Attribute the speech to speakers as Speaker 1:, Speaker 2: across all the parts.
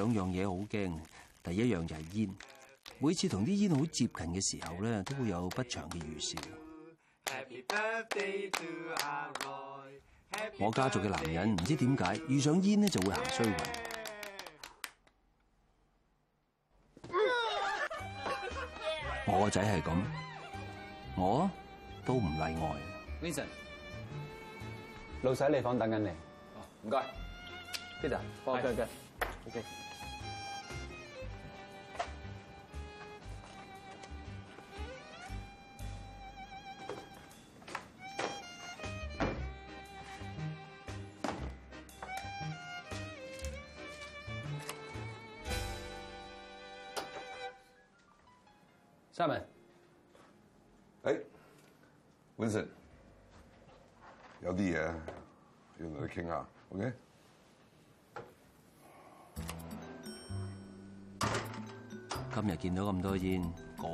Speaker 1: 兩樣嘢好驚，第一樣就係煙。每次同啲煙好接近嘅時候咧，都會有不祥嘅預兆。我家族嘅男人唔知點解遇上煙咧就會行衰運。我個仔係咁，我都唔例外。Wilson，老細喺你房等緊你。哦，唔該。Peter，幫我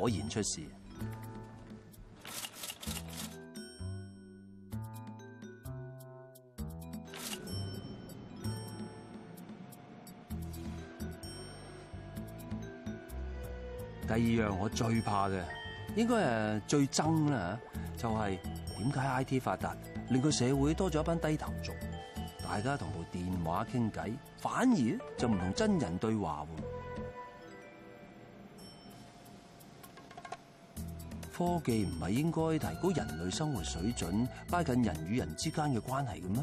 Speaker 1: 果然出事。第二樣我最怕嘅，應該係最憎啦，就係點解 IT 發達令個社會多咗一班低頭族，大家同部電話傾偈，反而就唔同真人對話。科技唔係應該提高人類生活水準，拉近人與人之間嘅關係嘅咩？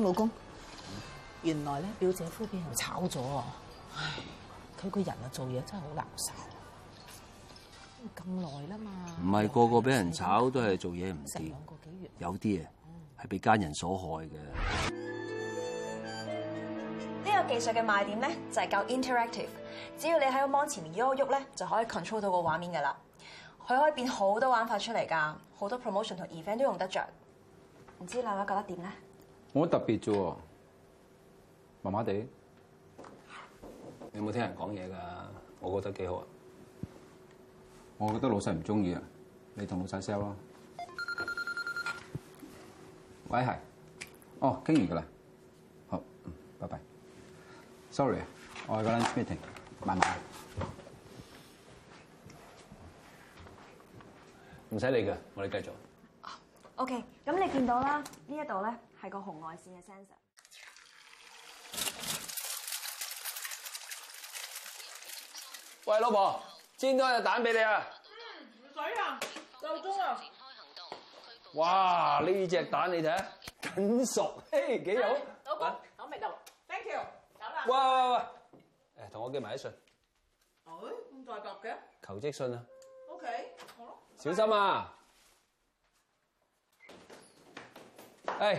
Speaker 2: 老公，嗯、原來咧表姐夫俾人炒咗啊！佢唉個人啊做嘢真係好垃圾，咁耐啦嘛。
Speaker 1: 唔係個個俾人炒是的都係做嘢唔掂，兩個幾月有啲啊係被奸人所害嘅。
Speaker 2: 呢、嗯、個技術嘅賣點咧就係、是、夠 interactive，只要你喺個網前面喐一喐咧，就可以 control 到個畫面噶啦。佢可以變好多玩法出嚟㗎，好多 promotion 同 event 都用得着。唔知兩位覺得點咧？
Speaker 1: 我特別啫喎，麻麻地，你冇聽人講嘢噶，我覺得幾好呀。我覺得老細唔中意啊，你同老細 sell 咯。喂，係，哦，經然噶啦，好，嗯，拜拜。Sorry，我有個 lunch meeting，慢慢。唔使理㗎，我哋繼續。
Speaker 2: OK，咁你見到啦？呢一度咧係個紅外線嘅 sensor。喂，老婆，多煎多隻蛋俾你啊！嗯，唔使啊，夠鐘啊。
Speaker 1: 哇！呢隻蛋你睇，緊熟，嘿，幾好。老公，
Speaker 2: 喂，我未到，Thank you，走啦。
Speaker 1: 喂，喂，喂，誒，同我寄埋一信。誒，
Speaker 2: 咁大集嘅？求職信啊。OK，好啦。
Speaker 1: 拜拜，小心啊！誒，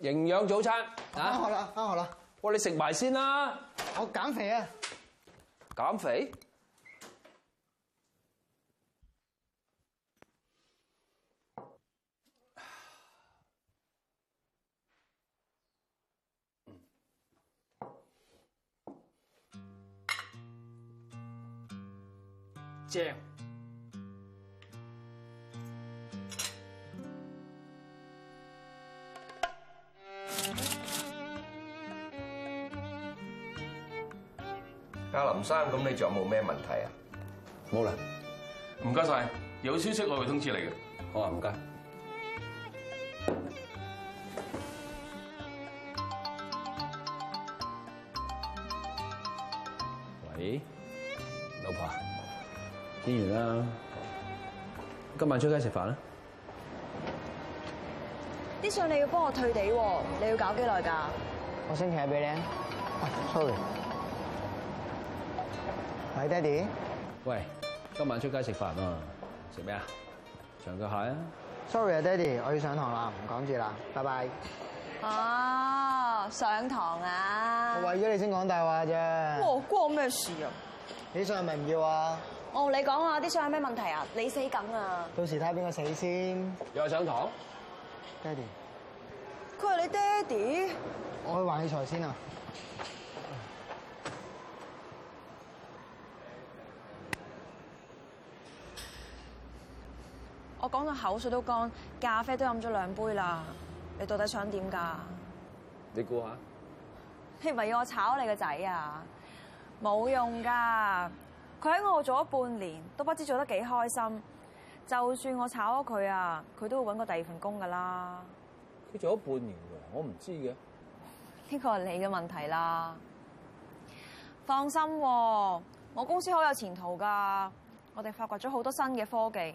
Speaker 1: 營養早餐，翻學啦，翻學啦，喂，你食埋先啦，我減肥啊，減肥。正。阿林生，咁你仲有冇咩問題啊？冇啦，唔該晒。有消息我會通知你嘅。好啊，唔該。喂，
Speaker 2: 老婆，
Speaker 1: 天完啦，今晚出街食飯啦。
Speaker 2: 啲相你要幫我退地喎，你要搞幾耐㗎？我星期一俾你啊。sorry。喂，爹哋。
Speaker 1: 喂，今晚出街食飯啊？食
Speaker 2: 咩啊？長腳蟹啊？Sorry 啊，爹哋，我要上堂啦，唔講住啦，拜拜。啊、哦，上堂啊？我為咗你先講大話啫。我關咩事啊？你相，係咪唔要啊？我同你講啊，啲相係咩問題啊？你死梗啊！到時睇下邊個死先。又係上堂，爹哋。佢係你爹哋。我去還器材先啊。我講到口水都乾，咖啡都飲咗兩杯啦！你到底想點㗎？你估下？你唔係要我炒你個仔啊？冇用噶，佢喺我度做咗半年，都不知做得幾開心。就算我炒咗佢啊，佢都會搵個第二份工㗎啦。佢
Speaker 1: 做咗半年㗎，我唔知嘅。
Speaker 2: 呢個係你嘅問題啦。放心，我公司好有前途㗎。我哋發掘咗好多新嘅科技。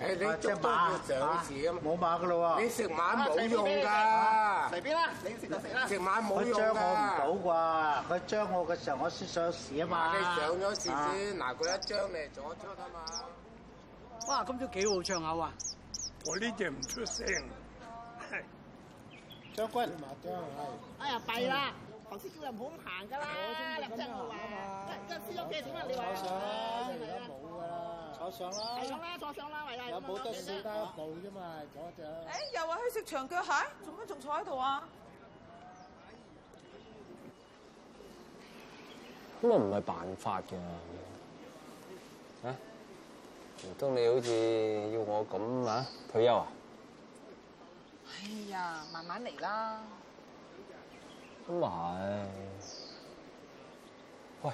Speaker 2: 誒你捉張要上士啊！冇馬噶咯喎，你食馬冇用噶。隨便啦？你食就食啦。食馬冇用噶。佢張我唔到啩，佢張我嘅時候我先上士啊嘛。你上咗士先，嗱佢一張咪左張啊嘛。
Speaker 1: 哇！今朝幾好唱口啊？我呢只唔出聲。將軍，哎呀弊啦！黃師兄又唔好咁行
Speaker 2: 噶
Speaker 1: 啦，真係冇
Speaker 2: 話。今日輸咗幾點啊？你話啦。坐上啦，坐上啦，坐上啦，喂大有冇得先得一步啫嘛，嗰隻。誒，又話去食長腳
Speaker 1: 蟹，做乜仲坐喺度啊？咁啊，唔係辦法噶。吓，唔通你好似要我咁啊？退休啊？
Speaker 2: 哎呀，慢慢嚟啦。
Speaker 1: 咁啊係。喂，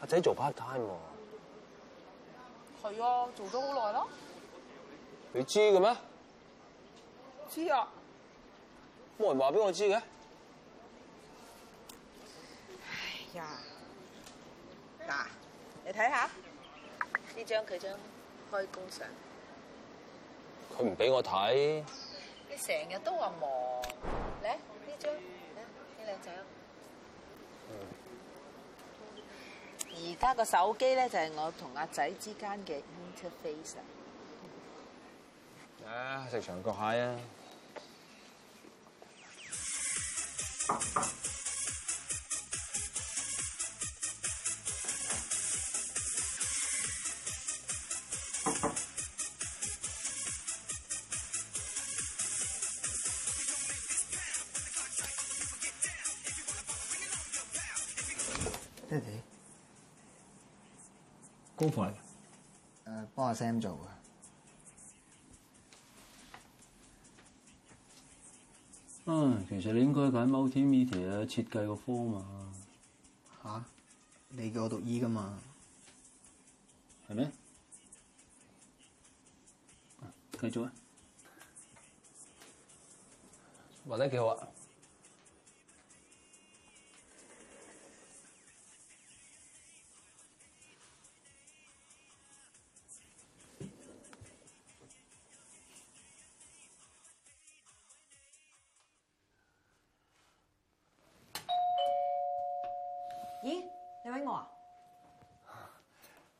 Speaker 1: 阿仔做 part time 喎。
Speaker 2: 係啊，做咗好耐咯。
Speaker 1: 你知嘅咩？知啊。冇人話俾我知嘅。唉
Speaker 2: 呀，嗱，你睇下呢張佢張開工相，
Speaker 1: 佢唔俾我睇。
Speaker 2: 你成日都話忙，嚟呢張，嚟呢兩仔。而家個手機咧，就係我同阿仔之間嘅 interface。
Speaker 1: 啊，食長腳蟹啊！幫派？誒，幫阿 Sam 做的啊。嗯，其實你應該揀 Multimedia 設計個科嘛。你叫我讀醫、e、㗎嘛？係、啊、咩？繼續啊！我哋叫我。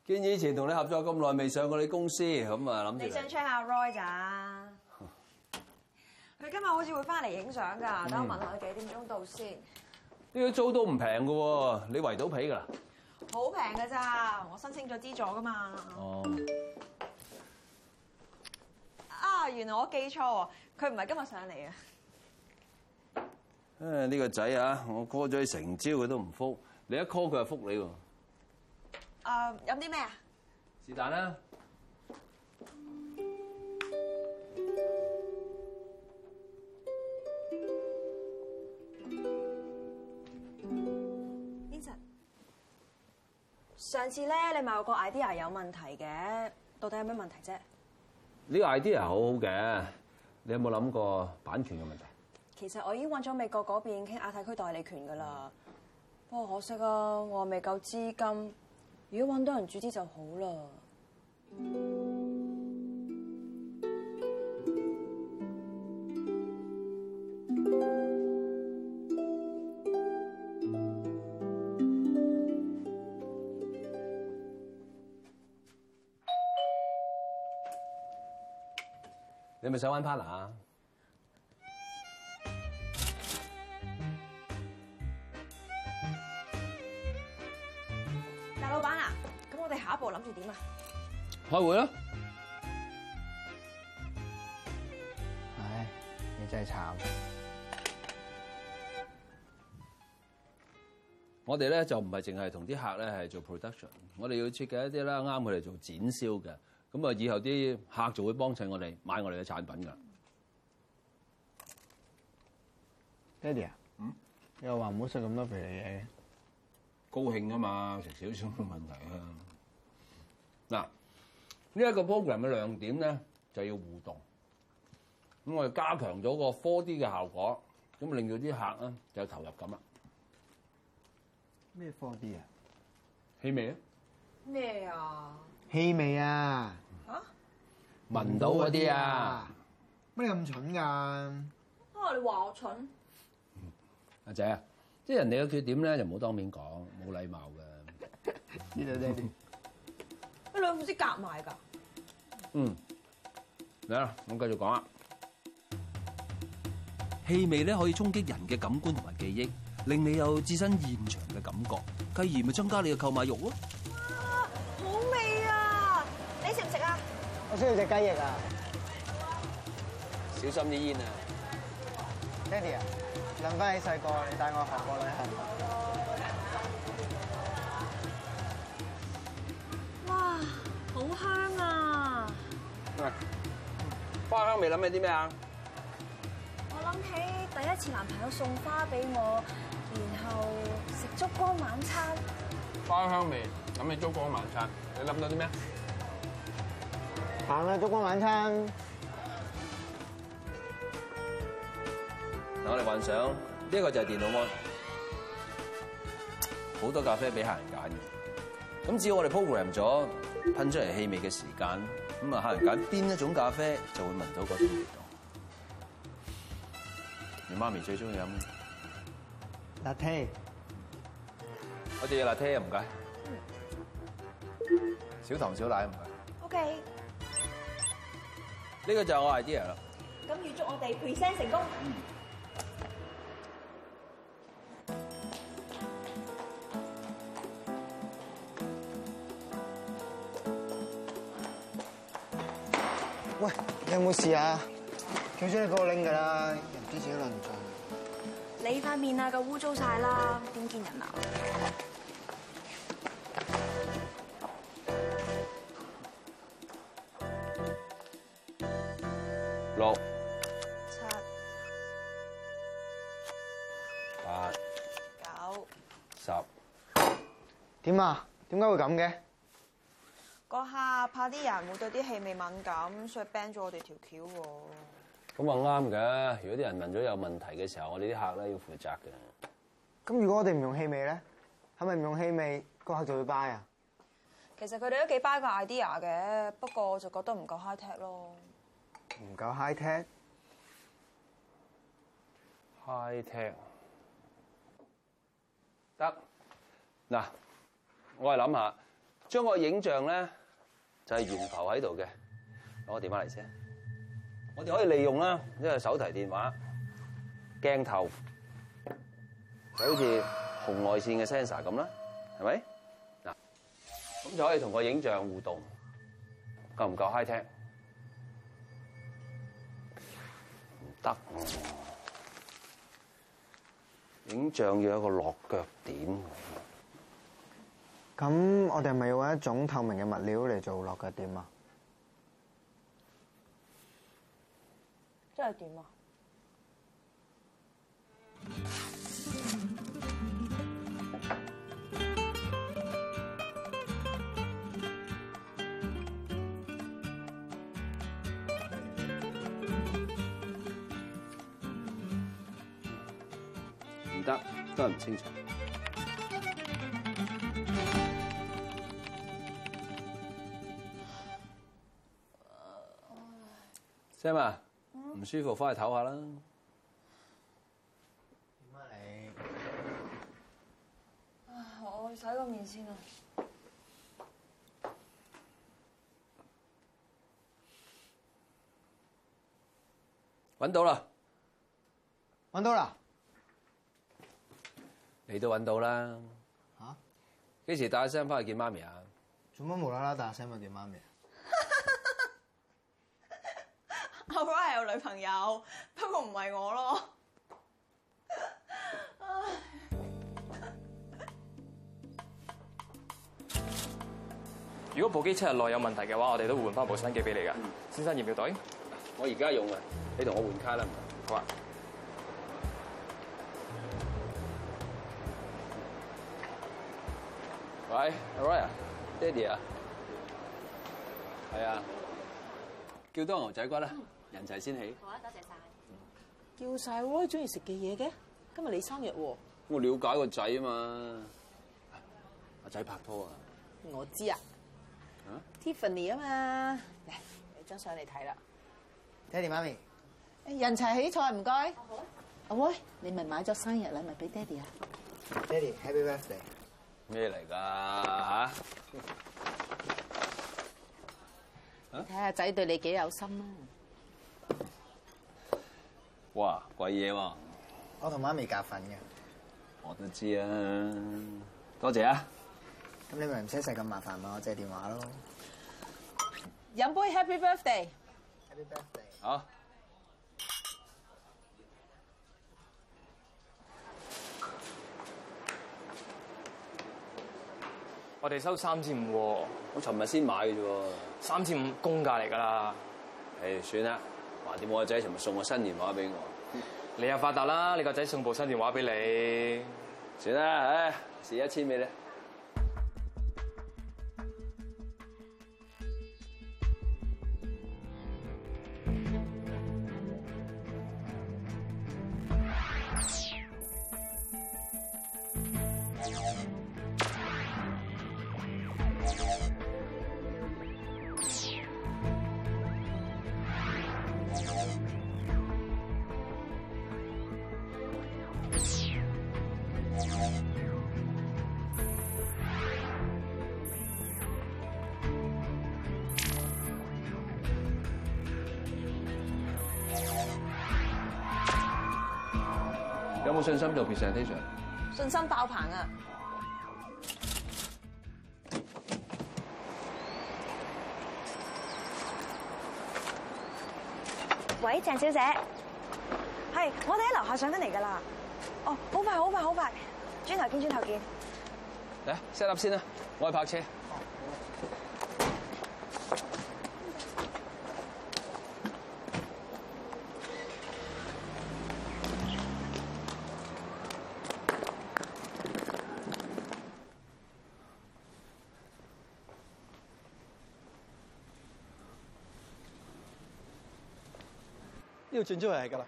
Speaker 1: 然以前同你合作咁耐未上過你公司，咁啊，諗住。你想
Speaker 2: check 下 Roy 咋、啊？佢 今日好似會翻嚟影相㗎，等 我問下佢幾點鐘到先。
Speaker 1: 呢個租都唔平㗎喎，你圍到皮㗎啦。
Speaker 2: 好平㗎咋，我申請咗資助㗎嘛。哦。啊，原來我記錯，佢唔係今日上嚟
Speaker 1: 啊。 呢、呢個仔啊，我 call 咗成朝佢都唔復，你一 call 佢就復你喎。
Speaker 2: 誒飲啲咩啊？
Speaker 1: 是但啦
Speaker 2: ，Vincent。上次咧，你話我個 idea 有問題嘅，到底有咩問題啫？呢
Speaker 1: 個 idea 好好嘅，你有冇諗過版權嘅問題？
Speaker 2: 其實我已經揾咗美國嗰邊傾亞太區代理權㗎喇，不過可惜啊，我未夠資金。如果揾到人主持就好喇，
Speaker 1: 你咪想玩 partner 啊！你下一步諗住點啊？開會咯。唉，你真係慘。我哋咧就唔係淨係同啲客咧係做 production，我哋要設計一啲啦，啱佢哋做展銷嘅。咁啊，以後啲客就會幫襯我哋買我哋嘅產品噶爸。爹哋啊，嗯，你又話唔好食咁多肥膩嘢嘅。高興啊嘛，食少少冇問題啊。嗱，呢一個 program 嘅亮點咧，就要互動。咁我哋加強咗個 4D 嘅效果，咁令到啲客就有投入感啦。咩 4D 啊？氣味
Speaker 2: 啊？咩啊麼？氣味啊？嚇、啊！聞到嗰啲啊？乜咁蠢噶？啊！你話
Speaker 1: 我蠢？阿仔，啊，即係人哋嘅缺點咧，就唔好當面講，冇禮貌嘅， 知道啲？ 佢兩副嘴夾埋噶。嗯，嚟啦，我繼續講啊。氣味咧可以衝擊人嘅感官同埋記憶，令你有置身現場嘅感覺，繼而咪增加你嘅購買慾咯。
Speaker 2: 哇，好味啊！你食唔食啊？我中意隻雞翼啊！小心啲煙啊！
Speaker 1: 爹哋啊，諗翻起細個，你
Speaker 2: 帶我學過啦。好香
Speaker 1: 啊，花香！花香味諗起啲咩啊？我諗
Speaker 2: 起第一次男朋
Speaker 1: 友送花俾我，然
Speaker 2: 後食燭光晚餐。花香味，諗起燭光晚餐，
Speaker 1: 你諗到啲咩？行啦，燭光晚餐。我哋幻想呢一、這個就係電腦，好多咖啡俾客人揀嘅。咁只要我哋 program 咗。噴出嚟氣味嘅時間，咁啊，客人揀邊一種咖啡就會聞到嗰種味道。你媽咪最中意飲拿鐵，我哋嘅拿鐵唔該，小糖小奶唔該。OK，呢個就係我 idea 啦。
Speaker 2: 咁預祝我哋 present 成功。嗯喂，你有冇事啊？小姐你幫我拎噶啦，唔知自己亂撞。你塊面啊，夠污糟晒啦，點見人啊？
Speaker 1: 六七
Speaker 2: 八九十，點啊？點解會咁嘅？個客怕啲人會對啲氣味敏感，所以 ban 咗我哋條橋。
Speaker 1: 咁啊啱嘅，如果啲人聞咗有問題嘅時候，我哋啲客咧要負責嘅。
Speaker 2: 咁如果我哋唔用氣味咧，係咪唔用氣味個客就會 buy 啊？其實佢哋都幾 buy 個 idea 嘅，不過我就覺得唔夠 high tech 咯。唔
Speaker 1: 夠 high tech？high tech 得嗱，我係諗下，將個影像咧，就係源頭喺度嘅，攞電話嚟先。我哋可以利用啦，因為手提電話鏡頭就好似紅外線嘅 sensor 咁啦，係咪？嗱，咁就可以同個影像互動，夠唔夠 high tech？唔得喎，影像要一個落腳點。
Speaker 2: 咁我哋咪用一種透明嘅物料嚟做落腳點啊？真係點
Speaker 1: 啊？唔得，都係唔清楚。姐嘛，唔 Sam,、嗯、舒服，翻去唞下啦。
Speaker 2: 點啊你？我洗個面先啊。
Speaker 1: 揾到啦！揾到啦！你都揾到啦。啊？幾時帶 Sam 翻去見媽咪啊？
Speaker 2: 做乜冇啦啦帶 Sam 翻見媽咪？阿 Roy 有女朋友，不過唔係我咯。
Speaker 1: 如果部機七日內有問題嘅話，我哋都換翻部新機俾你㗎。嗯、先生，要唔要袋？我而家用的啊，你同我換卡啦。好啊。喂，Roy 啊，爹哋啊，係啊，叫多牛仔骨啦、啊。嗯人齊先起。好謝謝啊，
Speaker 2: 多謝晒。叫晒，我啲中意食嘅嘢嘅，今日你生日喎。
Speaker 1: 我了解個仔啊嘛，阿仔拍拖啊。
Speaker 2: 我知啊。Tiffany 啊嘛，嚟，有張相嚟睇啦。爹哋媽咪，人齊起菜唔該。阿威，oh, 好 oh, boy, 你咪買咗生日禮物俾爹哋啊。
Speaker 1: 爹哋 Happy Birthday，咩嚟㗎？睇
Speaker 2: 下仔對你幾有心啦、啊。
Speaker 1: 哇，鬼嘢喎，啊！
Speaker 2: 我同媽咪夾份嘅，
Speaker 1: 我都知啊。多謝啊。
Speaker 2: 咁你咪唔使使咁麻煩，嘛我借電話咯。boy，
Speaker 1: 飲杯 Happy Birthday。Happy Birthday。好。我哋收三千五。哦，我尋日先買嘅啫。三千五公價嚟噶啦。誒，哎，算啦。橫掂我個仔尋日送個新電話俾我。嗯，你又發達啦！你個仔送部新電話俾你，算啦，唉、啊，試一千俾你。有冇信心做 presentation？
Speaker 2: 信心爆棚啊！喂，鄭小姐，係，我哋喺樓下上緊嚟噶啦。哦，好快，好快，好快，轉頭見，轉頭見。
Speaker 1: 嚟，set up 先啦，我去泊車。轉出去係噶啦，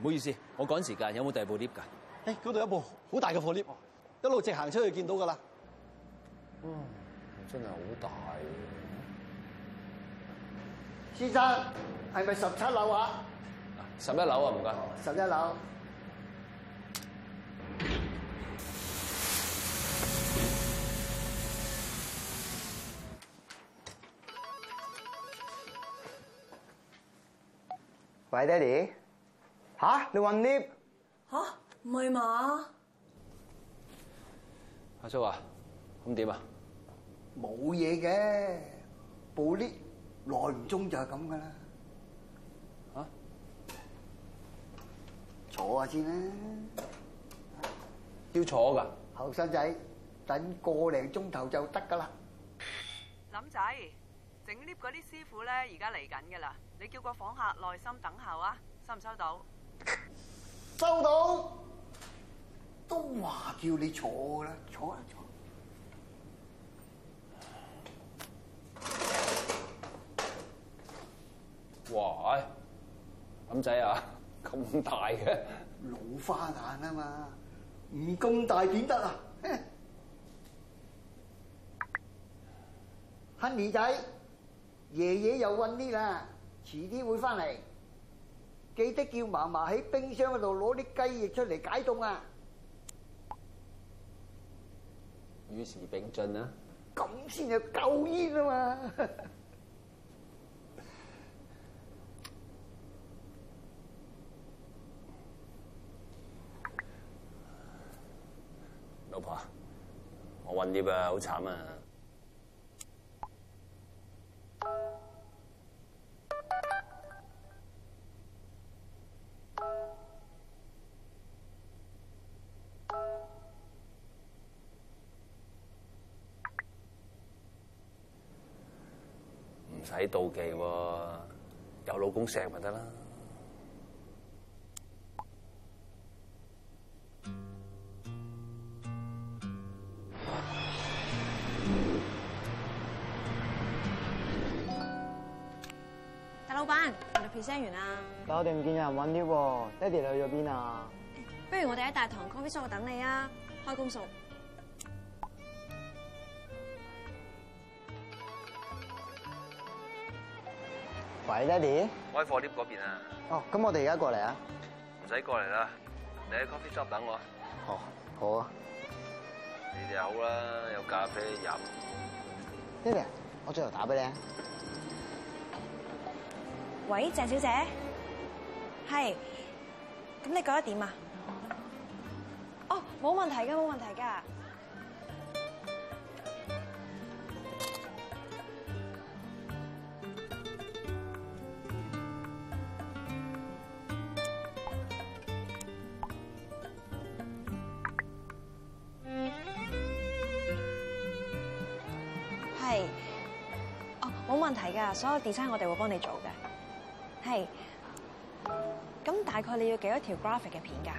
Speaker 1: 唔好意思，我趕時間，有冇第二部 lift 噶？誒、欸，嗰度有一部好大嘅貨 lift，一路直行出去見到噶啦。嗯、哦，真係好大、啊。
Speaker 2: 先生，係咪十七樓啊？
Speaker 1: 十一樓啊，唔該，
Speaker 2: 十一樓。喂，爹哋，吓你混捏？吓唔係嘛？阿叔啊，
Speaker 1: 咁點啊？
Speaker 2: 冇嘢嘅，部 lift 耐唔中就係咁㗎啦。
Speaker 1: 吓，
Speaker 2: 坐下先啦，要坐㗎？後生仔等個零鐘頭就得㗎啦。林仔。整 lift 嗰啲師傅咧，而家嚟緊噶啦，你叫個訪客耐心等候啊，收唔收到？收到。都話叫你坐啦，坐呀坐。
Speaker 1: 哇！阿林仔啊，咁大嘅
Speaker 2: 老花眼啊嘛，唔咁大點得啊？亨利仔。爺爺又混啲啦，遲啲會翻嚟，記得叫嫲嫲喺冰箱嗰度攞啲雞翼出嚟解凍啊！
Speaker 1: 與時並進啊，
Speaker 2: 咁先係救煙啊嘛！
Speaker 1: 老婆，我混啲啊，好慘啊！妒忌喎，有老公錫咪得啦！
Speaker 2: 大老闆，我哋 pitching 完啦。但我哋唔見有人揾啲喎，爹哋你去咗邊啊？不如我哋喺大堂 coffee shop 等你啊，開公數。喂，Daddy 爹哋，
Speaker 1: 開貨店嗰邊啊！那
Speaker 2: 哦，咁我哋而家過嚟啊！
Speaker 1: 唔使過嚟啦，你喺 coffee shop 等我。
Speaker 2: 哦，好啊。你
Speaker 1: 哋好啦，有咖啡飲。
Speaker 2: 爹哋，我最後打俾你啊！喂，鄭小姐，係，咁你覺得點啊？哦，冇問題噶，冇問題噶。問題噶，所有 design 我哋會幫你做嘅，係，咁大概你要幾多條 graphic 嘅片噶？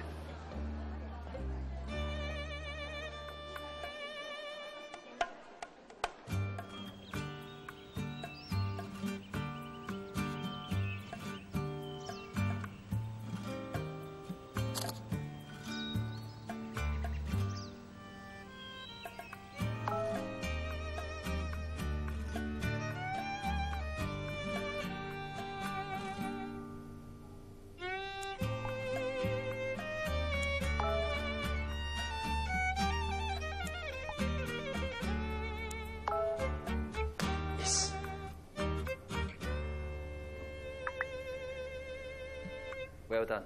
Speaker 1: Well done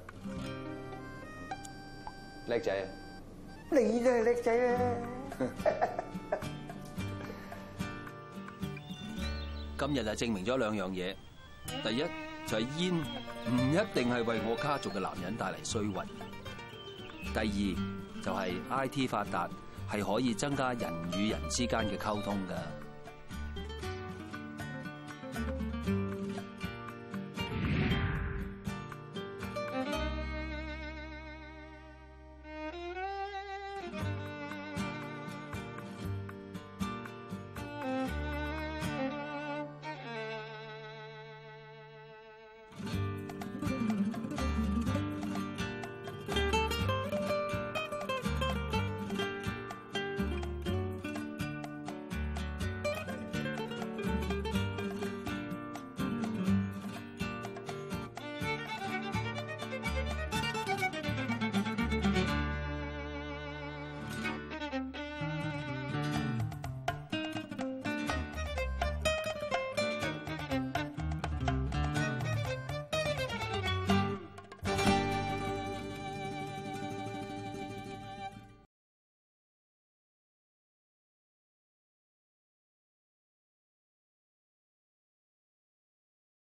Speaker 1: 叻仔。
Speaker 2: 你真係叻仔啊！
Speaker 1: 今日就證明咗兩樣嘢，第一就係煙唔一定係為我家族嘅男人帶嚟衰運。第二就係、是、I T 發達係可以增加人與人之間嘅溝通㗎。